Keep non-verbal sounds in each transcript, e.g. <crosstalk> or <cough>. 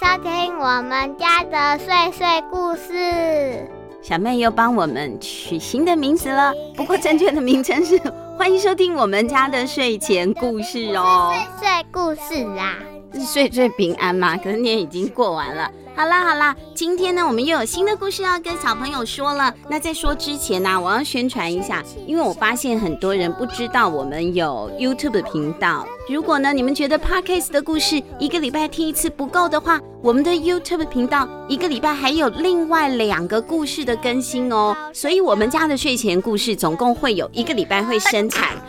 收聽我們家的睡睡故事，小妹又幫我們取新的名字了。不過正確的名稱是呵呵 <laughs> 歡迎收聽我們家的睡前故事哦，睡睡故事啊，是睡睡平安嘛？可是年已經過完了。好啦好啦，今天呢，我們又有新的故事要跟小朋友說了。那在說之前呢、啊，我要宣傳一下，因為我發現很多人不知道我們有 YouTube 頻道。如果呢，你們覺得 Podcast 的故事一個禮拜聽一次不夠的話，我們的 YouTube 頻道一個禮拜還有另外兩個故事的更新哦。所以，我們家的睡前故事總共會有一個禮拜會生產。 <laughs>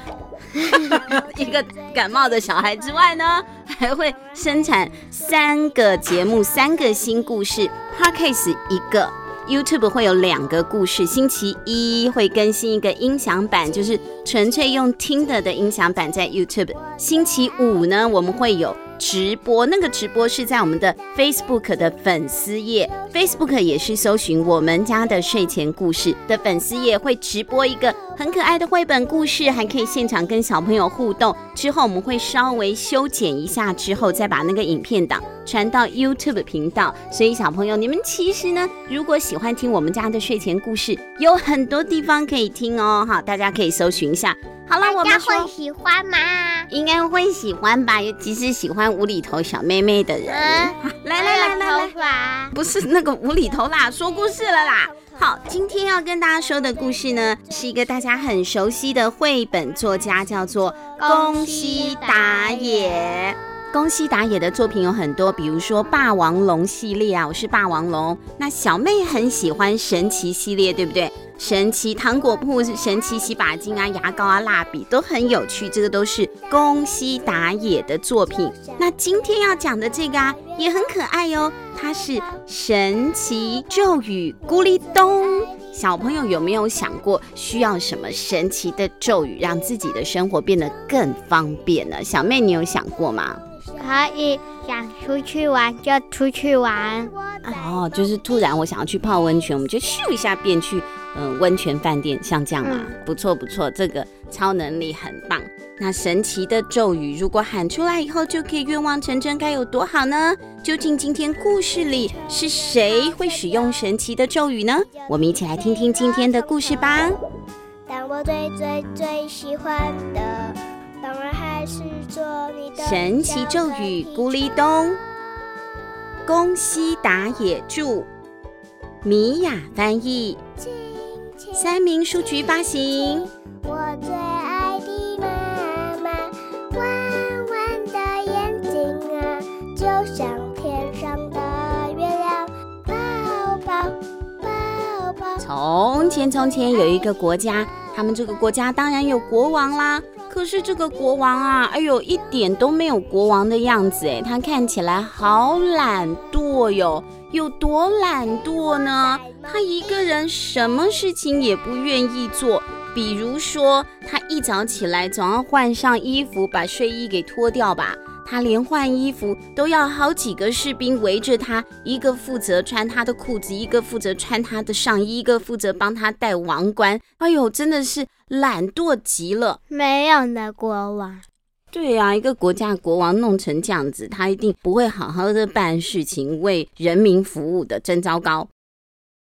<laughs> 一個感冒的小孩之外呢，還會生產三個節目，三個新故事。Podcast 一個，YouTube 會有兩個故事。星期一會更新一個音享版，就是純粹用聽的的音享版在 YouTube。星期五呢，我們會有。直播，那個直播是在我們的 Facebook 的粉絲頁，Facebook 也是搜尋我們家的睡前故事的粉絲頁，會直播一個很可愛的繪本故事，還可以現場跟小朋友互動。之後我們會稍微修剪一下，之後再把那個影片檔傳到 YouTube 頻道。所以小朋友，你們其實呢，如果喜歡聽我們家的睡前故事，有很多地方可以聽哦，哈，大家可以搜尋一下。好了，我們會喜歡嗎？應該會喜歡吧，尤其是喜歡無厘頭小妹妹的人。呃啊、來來來來來，不是那個無厘頭啦，說故事了啦。頭頭頭好，今天要跟大家說的故事呢，是一個大家很熟悉的繪本作家，叫做宮西達也。宮西達也的作品有很多，比如說霸王龍系列啊，我是霸王龍。那小妹很喜歡神奇系列，對不對？神奇糖果鋪神奇洗髮精啊、牙膏啊、蠟筆都很有趣，這個都是宮西達也的作品。那今天要講的這個啊，也很可愛喲、哦，它是神奇咒語咕哩咚。小朋友有沒有想過需要什麼神奇的咒語，讓自己的生活變得更方便呢？小妹，你有想過嗎？可以想出去玩就出去玩哦，就是突然我想要去泡溫泉，我們就咻一下便去嗯、呃、溫泉飯店，像這樣嘛、啊嗯，不錯不錯，這個超能力很棒。那神奇的咒語，如果喊出來以後就可以願望成真，該有多好呢？究竟今天故事裡是誰會使用神奇的咒語呢？我們一起來聽聽今天的故事吧。但我最最最喜歡的。當然還是東的神奇咒語咕哩咚，宮西達也，米雅翻譯，三民書局發行。我最愛的媽媽，彎彎的眼睛啊，就像天上的月亮。抱抱抱抱。從前從前有一個國家，他們這個國家當然有國王啦。可是這個國王啊，哎呦，一點都沒有國王的樣子哎，他看起來好懶惰喲，有多懶惰呢？他一個人什麼事情也不願意做，比如說，他一早起來總要換上衣服，把睡衣給脫掉吧。他連換衣服都要好幾個士兵圍着他，一個負責穿他的褲子，一個負責穿他的上衣，一個負責幫他戴王冠。哎呦，真的是懶惰極了！沒有呢，國王，對呀、啊，一個國家國王弄成這樣子，他一定不會好好的辦事情，為人民服務的，真糟糕。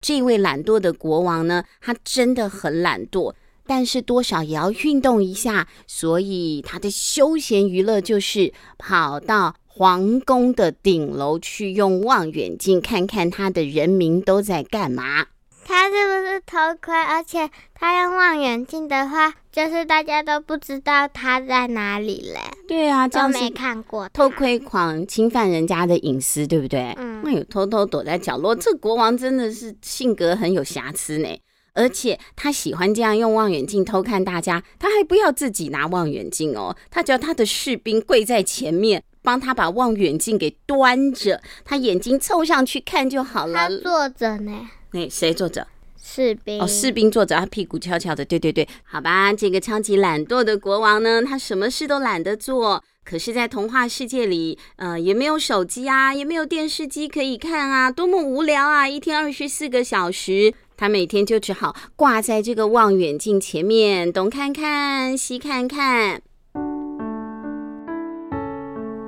這位懶惰的國王呢，他真的很懶惰。但是多少也要運動一下，所以他的休閒娛樂就是跑到皇宮的頂樓去用望遠鏡看看他的人民都在幹嘛。他是不是偷窺？而且他用望遠鏡的話，就是大家都不知道他在哪裡嘞。對啊，沒看過偷窺狂，侵犯人家的隱私，對不對？嗯，那有偷偷躲在角落，這國王真的是性格很有瑕疵呢。而且他喜歡這樣用望遠鏡偷看大家，他還不要自己拿望遠鏡哦，他只要他的士兵跪在前面幫他把望遠鏡給端着，他眼睛湊上去看就好了。他坐着呢，那誰坐着？士兵哦，士兵坐着，他屁股翹翹的。對對對，好吧，這個超級懶惰的國王呢，他什麼事都懶得做。可是，在童話世界裡，嗯、呃，也沒有手機啊，也沒有電視機可以看啊，多麼無聊啊！一天二十四個小時。他每天就只好掛在這個望遠鏡前面，東看看，西看看。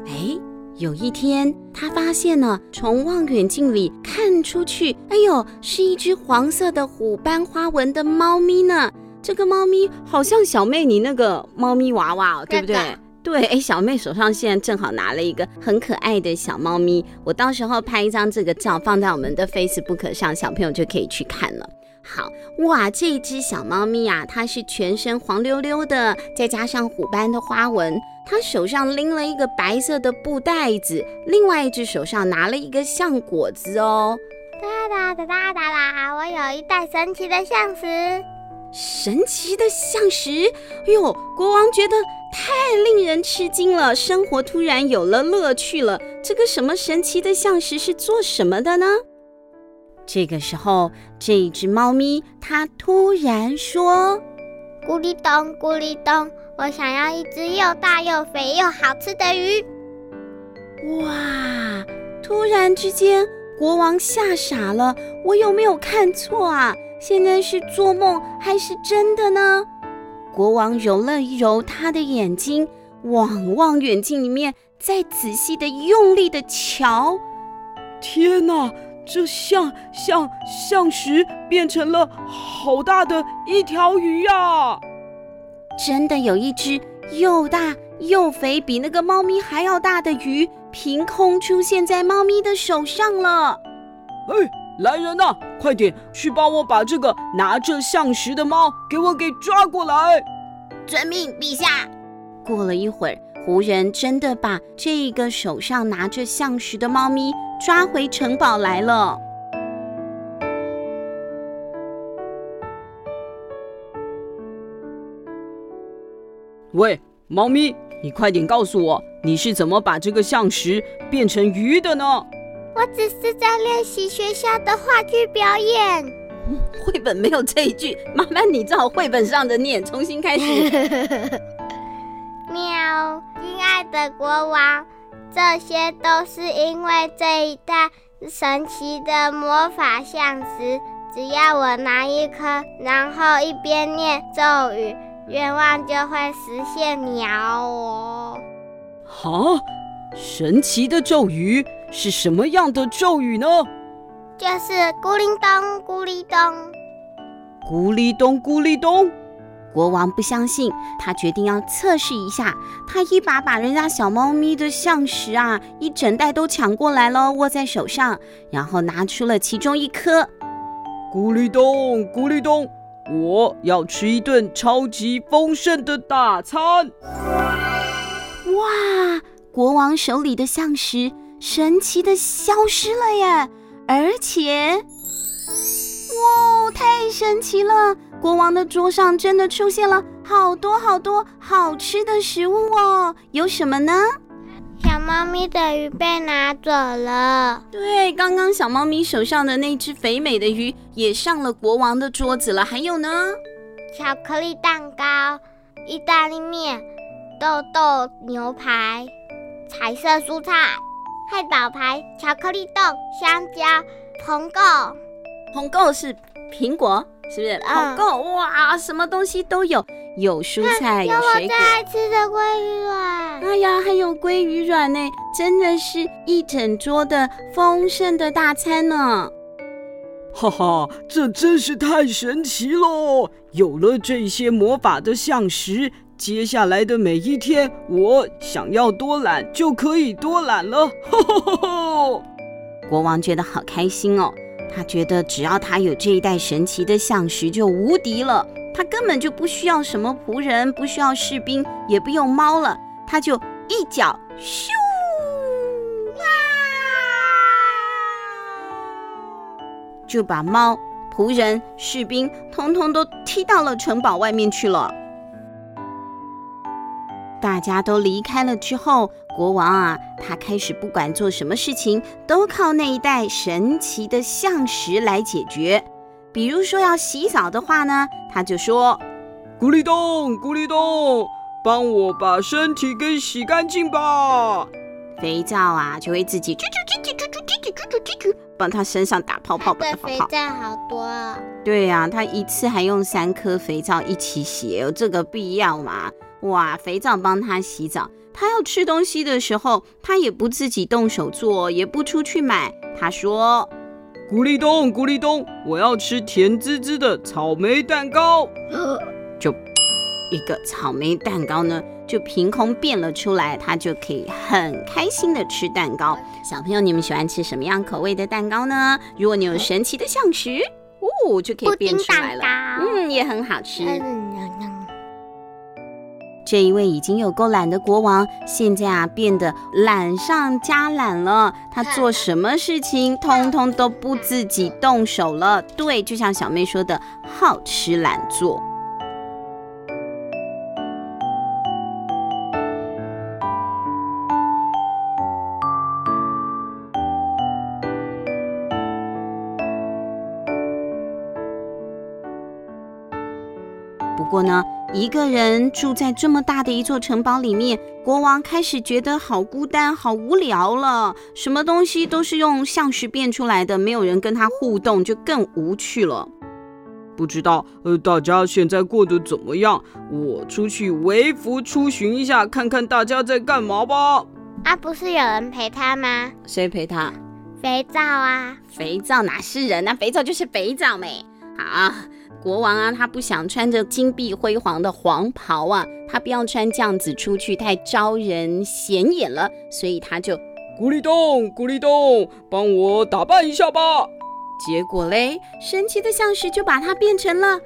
哎，有一天，他發現了，從望遠鏡裡看出去，哎呦，是一隻黃色的虎斑花紋的貓咪呢！這個貓咪好像小妹你那個貓咪娃娃，對不對？那個對誒，小妹手上現在正好拿了一個很可愛的小貓咪，我到時候拍一張這個照放在我們的 Facebook 上，小朋友就可以去看了。好哇！這隻小貓咪啊，它是全身黃溜溜的，再加上虎斑的花紋，它手上拎了一個白色的布袋子，另外一隻手上拿了一個橡果子哦。噠噠噠噠噠啦，我有一袋神奇的橡實。神奇的橡實，哎呦！國王覺得太令人吃驚了，生活突然有了樂趣了。這個什麼神奇的橡實是做什麼的呢？這個時候，這一隻貓咪它突然說：“咕哩咚，咕哩咚，我想要一隻又大又肥又好吃的魚。”哇！突然之間。國王嚇傻了，我有沒有看錯啊？現在是做夢還是真的呢？國王揉了一揉他的眼睛，往望遠鏡裡面再仔細的用力的瞧。天哪，這橡橡橡實變成了好大的一條魚呀，啊！真的有一隻又大又肥，比那個貓咪還要大的魚。憑空出現在貓咪的手上了！哎，來人吶、啊，快點去幫我把這個拿着橡實的貓給我給抓過來！遵命，陛下。過了一會兒，胡人真的把這個手上拿着橡實的貓咪抓回城堡來了。喂，貓咪。你快點告訴我，你是怎麼把這個橡實變成魚的呢？我只是在練習學校的話劇表演。繪本沒有這一句，麻煩你照繪本上的念，重新開始。 <laughs> 喵，親愛的國王，這些都是因為這一袋神奇的魔法橡實，只要我拿一顆，然後一邊念咒語。願望就會實現鳥哦！哈，神奇的咒語是什麼樣的咒語呢？就是咕哩咚咕哩咚，咕哩咚咕哩咚。國王不相信，他決定要測試一下。他一把把人家小貓咪的橡實啊，一整袋都搶過來了，握在手上，然後拿出了其中一顆。咕哩咚咕哩咚。我要吃一頓超級豐盛的大餐！哇，國王手裡的橡實神奇的消失了耶！而且，哇，太神奇了！國王的桌上真的出現了好多好多好吃的食物哦，有什麼呢？貓咪的魚被拿走了。對，剛剛小貓咪手上的那隻肥美的魚也上了國王的桌子了。還有呢？巧克力蛋糕、意大利麵、豆豆牛排、彩色蔬菜、漢堡排、巧克力豆、香蕉、紅豆。紅購是蘋果，是不是？嗯、紅購哇，什麼東西都有，有蔬菜，有水果，有我最愛吃的鮭魚卵。哎呀，還有鮭魚卵呢，真的是一整桌的豐盛的大餐呢、哦。哈哈，這真是太神奇咯！有了這些魔法的橡實，接下來的每一天，我想要多懶就可以多懶了。哈哈，國王覺得好開心哦。他覺得只要他有這一袋神奇的橡實就無敵了，他根本就不需要什麼僕人，不需要士兵，也不用貓了，他就一腳咻，就把貓、僕人、士兵通通都踢到了城堡外面去了。大家都離開了之後。國王啊，他開始不管做什麼事情都靠那一代神奇的橡實來解決。比如說要洗澡的話呢，他就說：“咕哩咚，咕哩咚，幫我把身體給洗乾淨吧。”肥皂啊，就會自己嘟嘟嘟嘟嘟嘟嘟嘟嘟嘟，幫他身上打泡泡。他的肥皂好多。泡泡對呀、啊，他一次還用三顆肥皂一起洗，有這個必要嗎？哇，肥皂幫他洗澡。他要吃東西的時候，他也不自己動手做，也不出去買。他說：“咕哩咚，咕哩咚，我要吃甜滋滋的草莓蛋糕。 <laughs> ”就一個草莓蛋糕呢，就憑空變了出來，他就可以很開心的吃蛋糕。小朋友，你們喜歡吃什麼樣口味的蛋糕呢？如果你有神奇的橡實，哦，就可以變出來了。嗯，也很好吃。嗯這一位已經有夠懶的國王，現在啊變得懶上加懶了。他做什麼事情，通通都不自己動手了。對，就像小妹說的，好吃懶做。不過呢，一個人住在這麼大的一座城堡裡面，國王開始覺得好孤單、好無聊了。什麼東西都是用橡實變出來的，沒有人跟他互動，就更無趣了。不知道，呃，大家現在過得怎麼樣？我出去微服出巡一下，看看大家在幹嘛吧。啊，不是有人陪他嗎？誰陪他？肥皂啊！肥皂哪是人啊？那肥皂就是肥皂沒？好。國王啊，他不想穿着金碧輝煌的黃袍啊，他不要穿這樣子出去，太招人顯眼了，所以他就，咕哩咚，咕哩咚，幫我打扮一下吧。結果嘞，神奇的橡實就把它變成了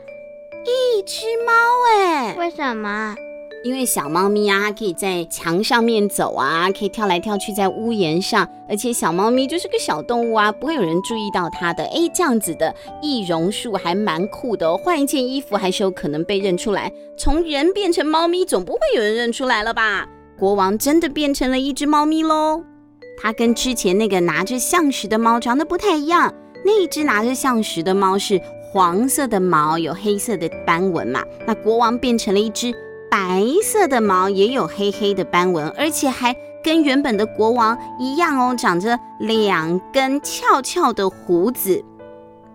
一只貓，欸，哎，為什麼？因為小貓咪啊，它可以在牆上面走啊，可以跳來跳去在屋檐上，而且小貓咪就是個小動物啊，不會有人注意到它的。哎，這樣子的易容術還蠻酷的哦，換一件衣服還是有可能被認出來。從人變成貓咪，總不會有人認出來了吧？國王真的變成了一隻貓咪嘍！它跟之前那個拿着橡實的貓長得不太一樣。那一隻拿着橡實的貓是黃色的毛，有黑色的斑紋嘛？那國王變成了一隻。白色的毛也有黑黑的斑紋，而且還跟原本的國王一樣哦，長着兩根翹翹的鬍子。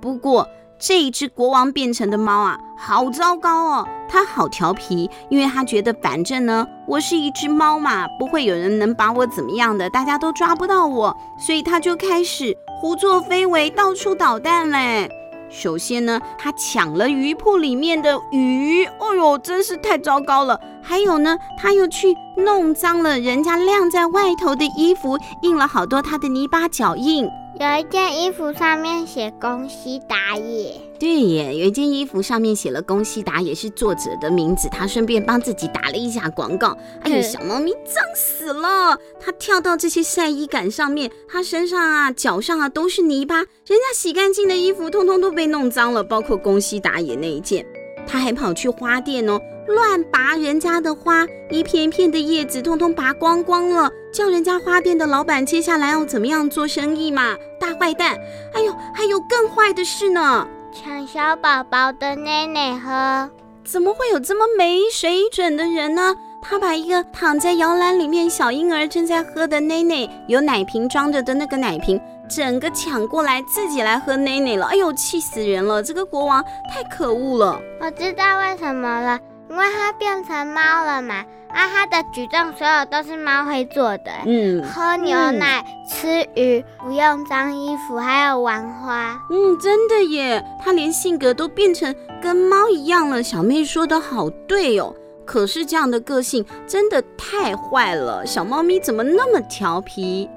不過這一只國王變成的貓啊，好糟糕哦，它好調皮，因為它覺得反正呢，我是一只貓嘛，不會有人能把我怎麼樣的，大家都抓不到我，所以它就開始胡作非為，到處搗蛋嘞。首先呢，他搶了魚鋪裡面的魚，哦、哎、喲，真是太糟糕了！還有呢，他又去弄髒了人家晾在外頭的衣服，印了好多他的泥巴腳印。有一件衣服上面寫“宮西達也”。對耶，有一件衣服上面寫了宮西達也，是作者的名字，他順便幫自己打了一下廣告。哎呦，哎，小貓咪髒死了！它跳到這些曬衣桿上面，它身上啊、腳上啊都是泥巴，人家洗乾淨的衣服通通都被弄髒了，包括宮西達也那一件。他還跑去花店哦，亂拔人家的花，一片一片的葉子通通拔光光了，叫人家花店的老闆接下來要怎麼樣做生意嘛？大壞蛋！哎呦，還有更壞的事呢。搶小寶寶的奶奶喝，怎麼會有這麼沒水準的人呢？他把一個躺在搖籃裡面小嬰兒正在喝的奶奶，有奶瓶裝着的那個奶瓶，整個搶過來自己來喝奶奶了。哎呦，氣死人了！這個國王太可惡了。我知道為什麼了。因為它變成貓了嘛，啊，他的舉動所有都是貓會做的，嗯，喝牛奶、嗯、吃魚，不用髒衣服，還有玩花，嗯，真的耶，它連性格都變成跟貓一樣了。小妹說得好對哦，可是這樣的個性真的太壞了，小貓咪怎麼那麼調皮？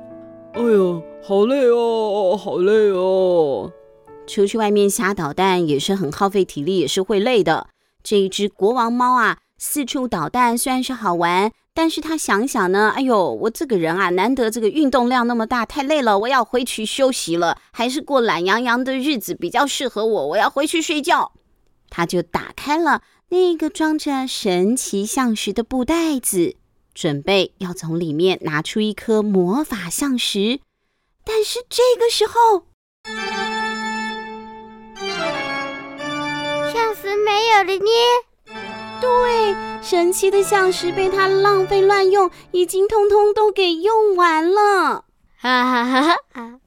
哎呦，好累哦，好累哦，出去外面瞎搗蛋也是很耗費體力，也是會累的。這一隻國王貓啊，四處搗蛋，雖然是好玩，但是它想想呢，哎呦，我這個人啊，難得這個運動量那麼大，太累了，我要回去休息了，還是過懶洋洋的日子比較適合我，我要回去睡覺。它就打開了那個裝着神奇橡實的布袋子，準備要從裡面拿出一顆魔法橡實，但是這個時候。橡實沒有了呢？對，神奇的橡實被他浪費亂用，已經通通都給用完了。哈哈哈哈哈！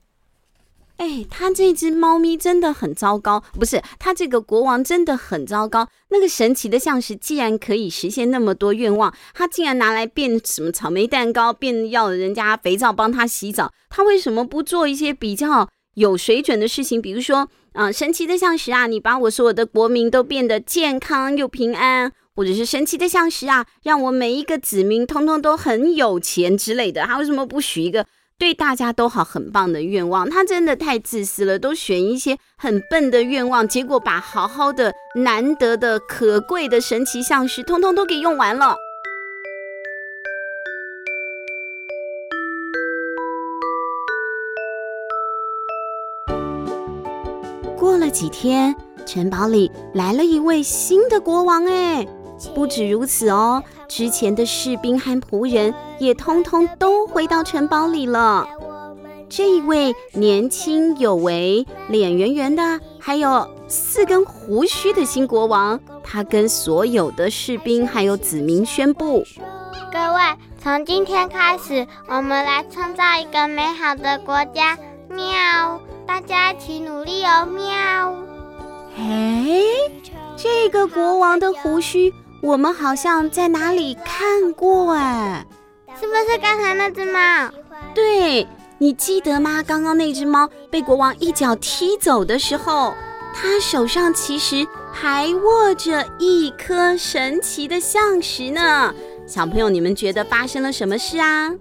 哎，他這隻貓咪真的很糟糕，不是，他這個國王真的很糟糕。那個神奇的橡實既然可以實現那麼多願望，他竟然拿來變什麼草莓蛋糕，變要人家肥皂幫他洗澡，他為什麼不做一些比較？有水準的事情，比如說，啊、呃、神奇的橡實啊，你把我所有的國民都變得健康又平安，或者是神奇的橡實啊，讓我每一個子民通通都很有錢之類的，他為什麼不許一個對大家都好、很棒的願望？他真的太自私了，都選一些很笨的願望，結果把好好的、難得的、可貴的神奇橡實通通都給用完了。過了幾天，城堡裡來了一位新的國王。哎，不止如此哦，之前的士兵和僕人也通通都回到城堡裡了。這一位年輕有為、臉圓圓的，還有四根鬍鬚的新國王，他跟所有的士兵還有子民宣布：各位，從今天開始，我們來創造一個美好的國家。喵。大家一起努力哦，喵！誒，這個國王的鬍鬚，我們好像在哪裡看過哎、啊？是不是剛才那隻貓？對，你記得嗎？剛剛那隻貓被國王一腳踢走的時候，他手上其實還握着一顆神奇的橡實呢。小朋友，你們覺得發生了什麼事啊？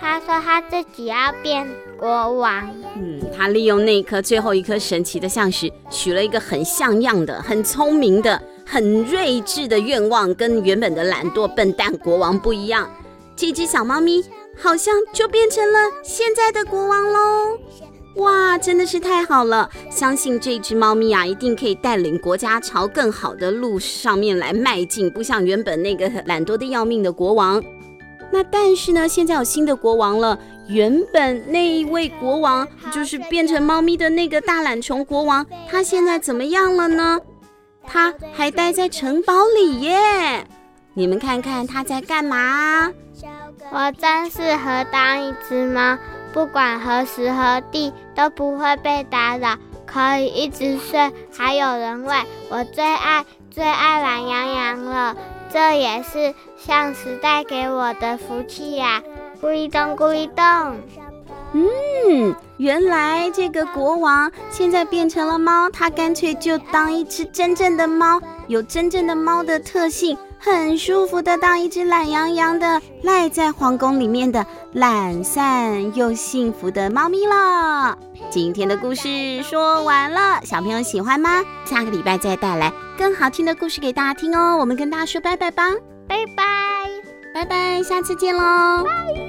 他說他自己要變。國王，嗯，他利用那顆最後一顆神奇的橡實，許了一個很像樣的、很聰明的、很睿智的願望，跟原本的懶惰笨蛋國王不一樣。這隻小貓咪好像就變成了現在的國王嘍！哇，真的是太好了！相信這隻貓咪啊，一定可以帶領國家朝更好的路上面來邁進，不像原本那個懶惰得要命的國王。那但是呢，現在有新的國王了。原本那一位國王，就是變成貓咪的那個大懶蟲國王，他現在怎麼樣了呢？他還待在城堡裡耶，你們看看他在幹嘛？我真適合當一隻貓，不管何時何地都不會被打擾，可以一直睡，還有人餵。我最愛最愛懶羊羊了，這也是橡實帶給我的福氣呀，啊。咕哩咚咕哩咚，嗯，原來這個國王現在變成了貓，他乾脆就當一隻真正的貓，有真正的貓的特性，很舒服的當一隻懶洋洋的賴在皇宮裡面的懶散又幸福的貓咪了。今天的故事說完了，小朋友喜歡嗎？下個禮拜再帶來更好聽的故事給大家聽哦。我們跟大家說拜拜吧，拜拜，拜拜，下次見嘍，拜。